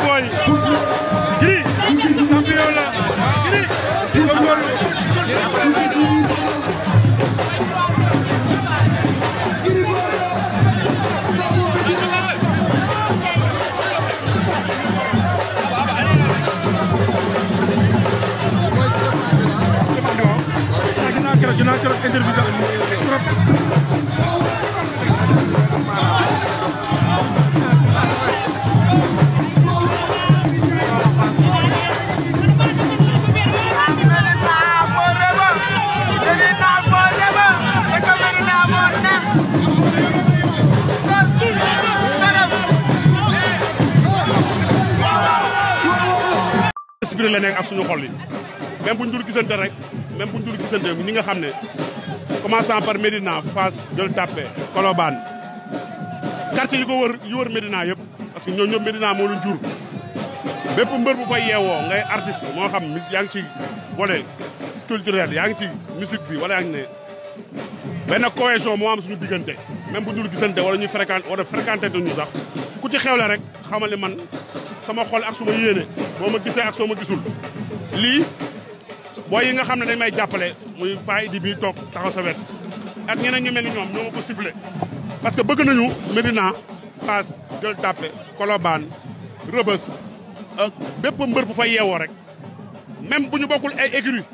booy Gris champion la Gris di ko góorlu Dinaa keroog interview sax trop la nekk ak suñu xol yi même bu ñu dul rek même bu ñu dul gisante ñi nga xam ne commençant par Médina Fass Gueule Tapée Colobane quartier yi ko wër yu wër yëpp parce que ñoo ñëpp Médina moo leen jur bépp mbër bu fay yeewoo ngay artiste moo xam mis yaa ci volet culturel yaa ci musique bi wala yaa ngi ne benn cohésion moo am suñu diggante même bu ñu dul gisante wala ñuy fréquente sax ku ci rek xamal man sama xol ak suma yene boo ma ak soo gisul li boy yi nga xam dañ may jappalé muy Paa Idi bi tok taxaw sa wet ak ñeneen ñu melni ñom ñoom ñoo ko sifflé parce que bëgg nañu medina pass Gueule tapé koloban rebeus ak bépp mbeur bu fa yéwo rek même buñu bokul ay écurie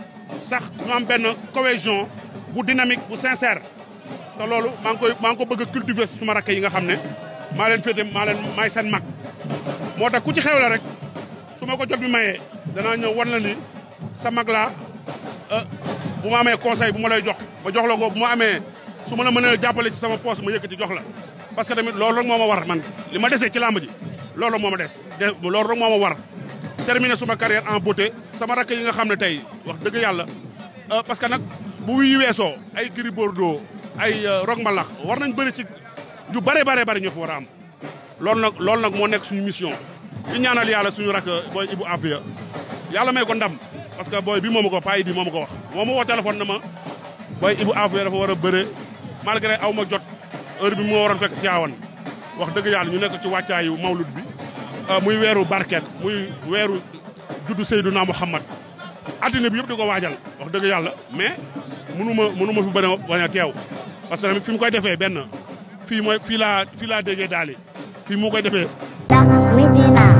sax ñu am ben cohésion bu dynamique bu sincère te lolu maa ngi koy maa ko bëgg a cultiver suma rakk yi nga xam ma maa leen féete maa leen maay seen mag moo tax ku ci xewle rek su ma ko jot bi mayee danaa ñëw wan la ni sa mag euh, bu ma amee conseil bu ma lay jox ma jox la ko bu ma amee su ma la mënee jàppale ci sama poos ma yëkkati jox la parce que tamit loolu moo ma war man li ma desee ci làmb ji loolu moo ma des loolu rek moo ma war terminer suma carrière en beauté sama rakk yi nga xam ne tey wax dëgg yàlla euh, parce que nag bu wuyu weesoo ay Gris Bordeaux ay euh, Rock lax war nañ bëri ci yu bare bare bari ñu fa war a am loolu nag loolu nag moo nekk suñu mission ñu ñaanal yàlla suñu rak booy Ibou Afia yàlla may ko ndam parce que booy bi moomu ko paa yi bi moomu ko wax moo ma woo téléphone na ma booy Ibou Afia dafa war a bëre malgré aw ma jot heure bi moo waroon fekk caawan wax dëgg yàlla ñu nekk ci wàccaayu mawlud bi euh, muy weeru barket muy weeru juddu Seydouna Muhammad addina bi yëpp di ko waajal wax dëgg yàlla mais mënu ma mënu ma fi bañ a bañ a teew parce que tamit fi mu koy defee benn fii mooy fii laa fii laa déggee daali fii moo koy defee.